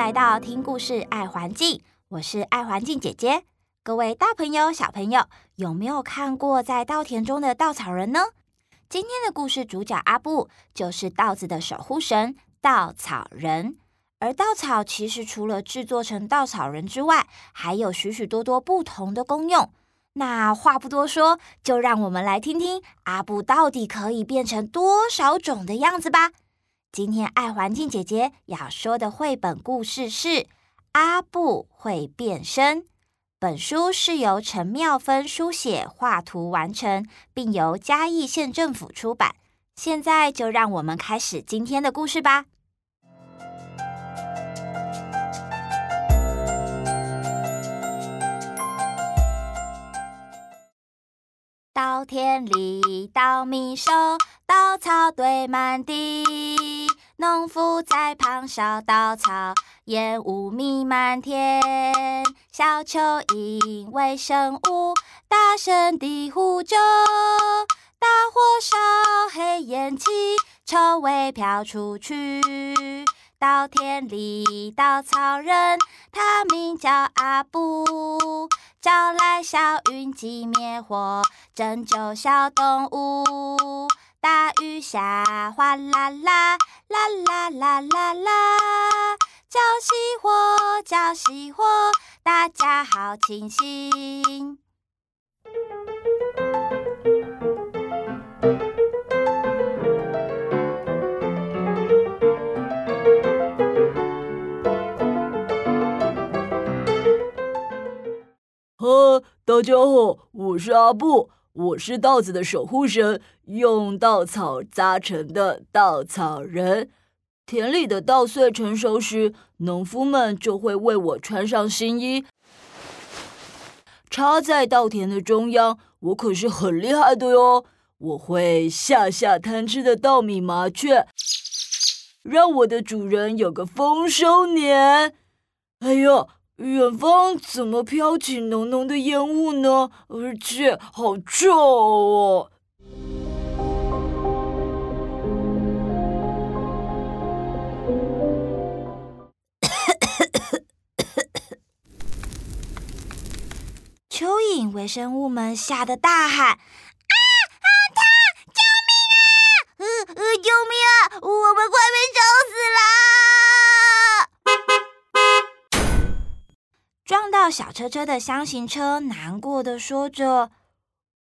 來到聽故事愛環境，我是愛環境姐姐。各位大朋友、小朋友，有沒有看過在稻田中的稻草人呢？今天的故事主角阿咘就是稻子的守護神，稻草人。而稻草其實除了製作成稻草人之外，還有許許多多不同的功用。那話不多說，就讓我們來聽聽阿咘到底可以變成多少種的樣子吧。今天愛環境姐姐要說的繪本故事是《阿布會變身》。本書是由陳妙芬書寫、畫圖完成，並由嘉義縣政府出版。現在就讓我們開始今天的故事吧。稻田裡，稻米收，稻草堆滿地。農夫在旁燒稻草，煙霧彌漫天。小蚯蚓、微生物大聲地呼救。大火燒黑煙氣，臭味飄出去。稻田裡稻草人，他名叫阿咘，招來小雲氣滅火，拯救小動物。大雨下，嘩啦啦，啦啦啦啦啦啦！澆熄火，澆熄火，大家好清新。哈，大家好，我是阿咘。我是稻子的守護神，用稻草紮成的稻草人。田裡的稻穗成熟時，農夫們就會為我穿上新衣，插在稻田的中央。我可是很厲害的喲，我會嚇嚇貪吃的稻米麻雀，讓我的主人有個豐收年。哎呦！遠方怎麼飄起濃濃的煙霧呢？而且好臭哦！ 蚯蚓微生物們嚇得大喊：“啊，啊、好燙！救命啊！呃呃，救命啊！我們快滅掉！”撞到小車車的廂型車難過的說着：“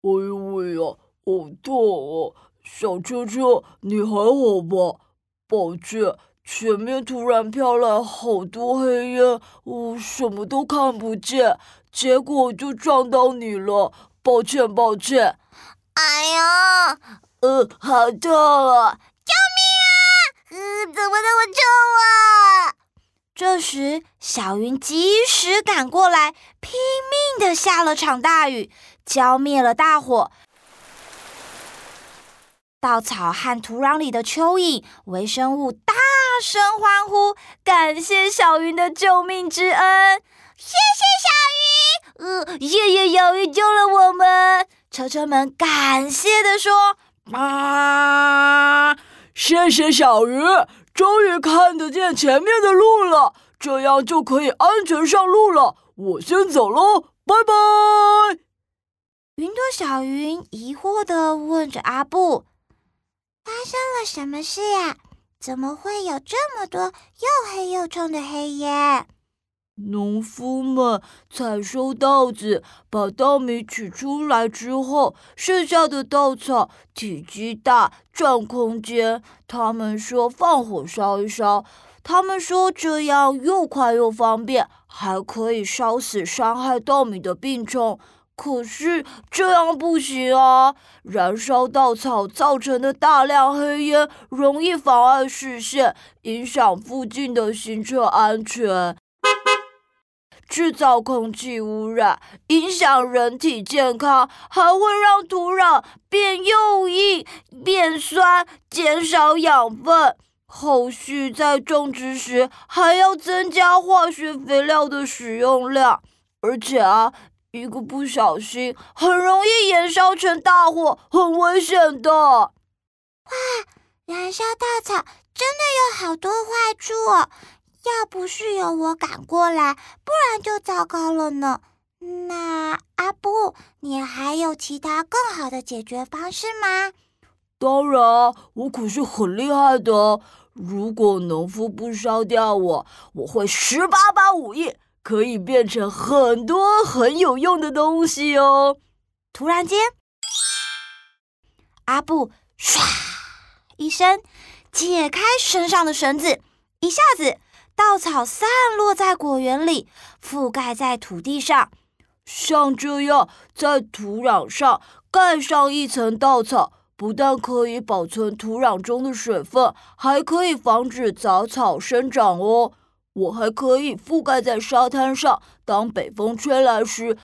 哎呦喂、哎、呀，好痛啊！小車車，你還好吧？抱歉，前面突然飄來好多黑煙，我什麼都看不見，結果就撞到你了。抱歉，抱歉。哎呦，呃，好痛啊！救命啊！嗯、呃，怎麼那麼臭啊？”這時，小雲及時趕過來，拼命的下了場大雨，澆滅了大火。稻草和土壤裡的蚯蚓、微生物大聲歡呼，感謝小雲的救命之恩。謝謝小雲，呃，謝謝小雲救了我們。草草們感謝的說：“啊，謝謝小雲。終於看得見前面的路了，這樣就可以安全上路了。我先走嘍，拜拜！雲朵小雲疑惑的問着阿咘：“發生了什麼事呀？怎麼會有這麼多又黑又重的黑煙？”農夫們採收稻子，把稻米取出來之後，剩下的稻草體積大，佔空間。他們說放火燒一燒，他們說這樣又快又方便，還可以燒死傷害稻米的病蟲。可是這樣不行啊！燃燒稻草造成的大量黑煙，容易妨礙視線，影響附近的行車安全。製造空氣污染，影響人體健康，還會讓土壤變又硬，變酸，減少養分。後續在種植時，還要增加化學肥料的使用量。而且啊，一個不小心，很容易燃燒成大火，很危險的。哇，燃燒稻草真的有好多壞處哦。要不是有我趕過來，不然就糟糕了呢。那阿布，你還有其他更好的解決方式嗎？當然，我可是很厲害的。如果農夫不燒掉我，我會十八般武藝，可以變成很多很有用的東西哦。突然間，阿布唰一聲解開身上的繩子，一下子。稻草散落在果園裡，覆蓋在土地上，像這樣在土壤上蓋上一層稻草，不但可以保存土壤中的水分，還可以防止雜草生長哦。我還可以覆蓋在沙灘上，當北風吹來時，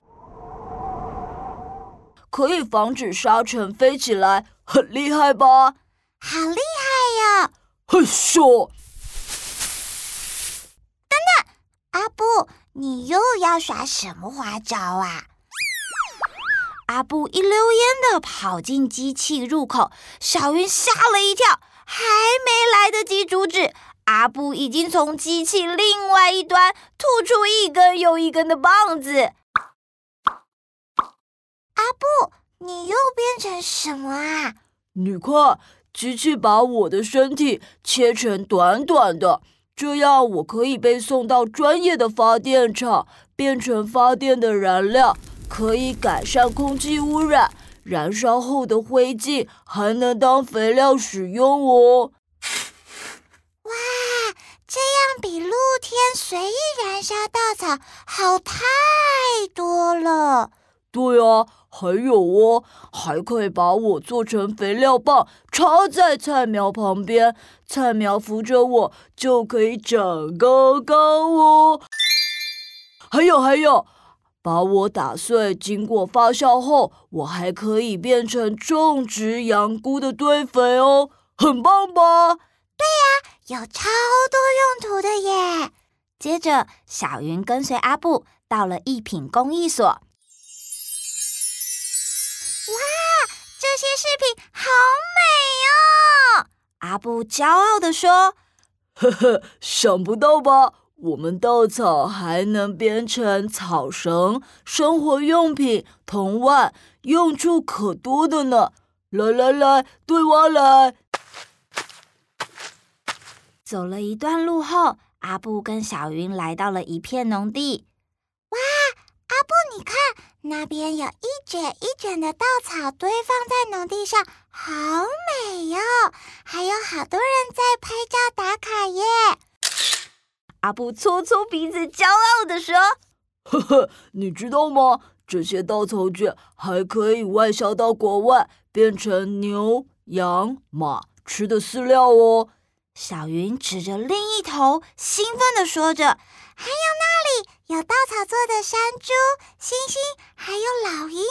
可以防止沙塵飛起來，很厲害吧？好厲害呀！哦！嘿咻！阿咘，你又要耍什麼花招啊？阿咘一溜煙地跑進機器入口，小雲嚇了一跳，還沒來得及阻止，阿咘已經從機器另外一端吐出一根又一根的棒子。阿咘，你又變成什麼啊？你看，機器把我的身體切成短短的。這樣我可以被送到專業的發電廠，變成發電的燃料，可以改善空氣污染，燃燒後的灰燼還能當肥料使用哦。哇，這樣比露天隨意燃燒稻草好太多了。對啊。還有哦，還可以把我做成肥料棒，插在菜苗旁邊，菜苗扶着我就可以長高高哦。還有還有，把我打碎，經過發酵後，我還可以變成種植洋菇的堆肥哦，很棒吧？對呀、啊，有超多用途的耶。接着，小雲跟隨阿布到了一品工藝所。哇，這些飾品好美哦！阿布驕傲地說：“呵呵，想不到吧？我們稻草還能編成草繩、生活用品、藤蔓，用處可多的呢！”來來來，對我來！走了一段路後，阿布跟小雲來到了一片農地。哇，阿布，你看！那邊有一卷一卷的稻草堆放在農地上，好美喲、哦！還有好多人在拍照打卡耶。阿咘搓搓鼻子，驕傲地說：“呵呵，你知道嗎？這些稻草卷還可以外銷到國外，變成牛、羊、馬吃的飼料哦。”小雲指着另一頭，興奮地說着：“還有那裡！”有稻草做的山豬、星星，還有老鷹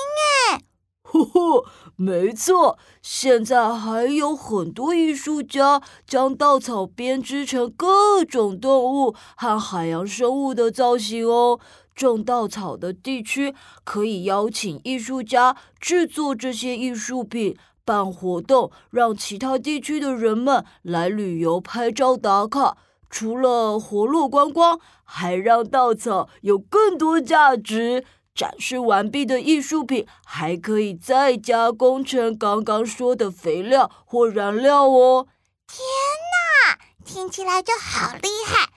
哎！哈哈，沒錯，現在還有很多藝術家將稻草編織成各種動物和海洋生物的造型哦。種稻草的地區可以邀請藝術家制作這些藝術品，辦活動，讓其他地區的人們來旅遊、拍照、打卡。除了活絡觀光，還讓稻草有更多價值。展示完畢的藝術品，還可以再加工成剛剛說的肥料或燃料哦。天哪，聽起來就好厲害！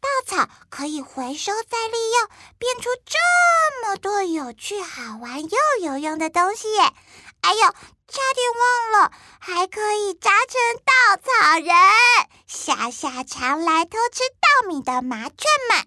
稻草可以回收再利用，變出這麼多有趣、好玩又有用的東西。哎呦，差點忘了，還可以扎成稻草人。嚇嚇常來偷吃稻米的麻雀們。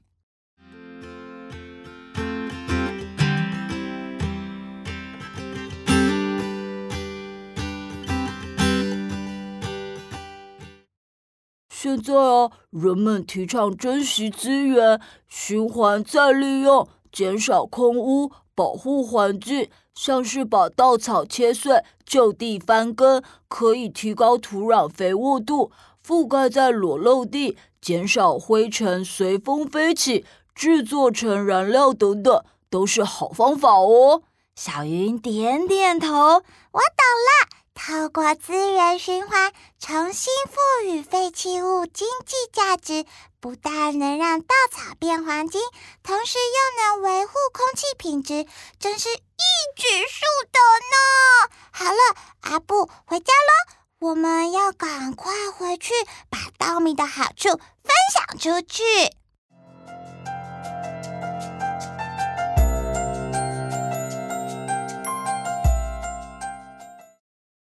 現在啊，人們提倡珍惜資源、循環再利用、減少空污、保護環境。像是把稻草切碎，就地翻耕，可以提高土壤肥沃度。覆蓋在裸露地，減少灰塵隨風飛起；制作成燃料等等，都是好方法哦。小雲點點頭，我懂了。透過資源循環，重新賦予廢棄物經濟價值，不但能讓稻草變黃金，同時又能維護空氣品質，真是一舉數得呢。好了，阿布回家嘍。我們要趕快回去，把稻米的好處分享出去。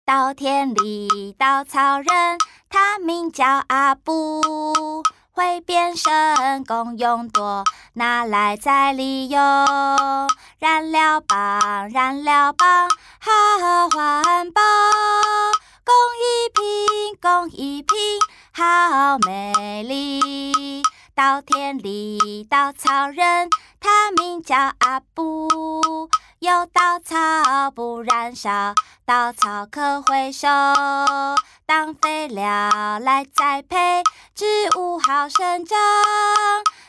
稻田裡，稻草人，他名叫阿布，會變身，功用多，拿來再利用，燃料棒，燃料棒，好環保。工藝品，工藝品，好美麗。稻田裡，稻草人，他名叫阿咘。有稻草不燃燒，稻草可回收，當肥料來栽培，植物好生長。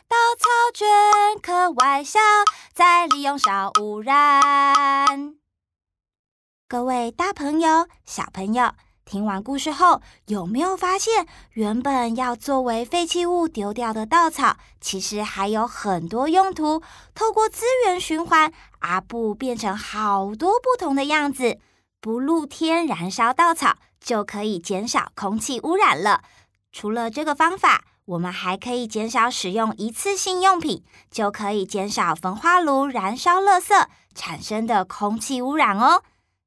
稻草捲可外銷，再利用少污染。各位大朋友，小朋友。聽完故事後，有沒有發現原本要作為廢棄物丟掉的稻草，其實還有很多用途？透過資源循環，阿咘變成好多不同的樣子。不露天燃燒稻草，就可以減少空氣污染了。除了這個方法，我們還可以減少使用一次性用品，就可以減少焚化爐燃燒垃圾產生的空氣污染哦。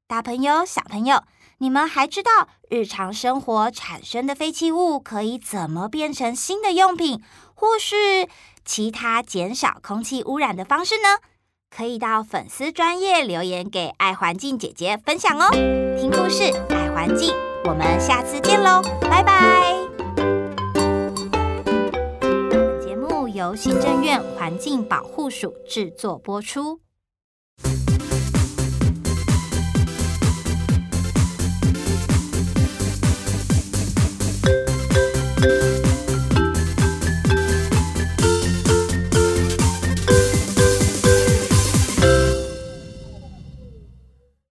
大朋友、小朋友。你們還知道日常生活產生的廢棄物可以怎麼變成新的用品，或是其他減少空氣污染的方式呢？可以到粉絲專頁留言給愛環境姐姐分享哦。聽故事，愛環境，我們下次見嘍，拜拜。本節目由行政院環境保護署制作播出。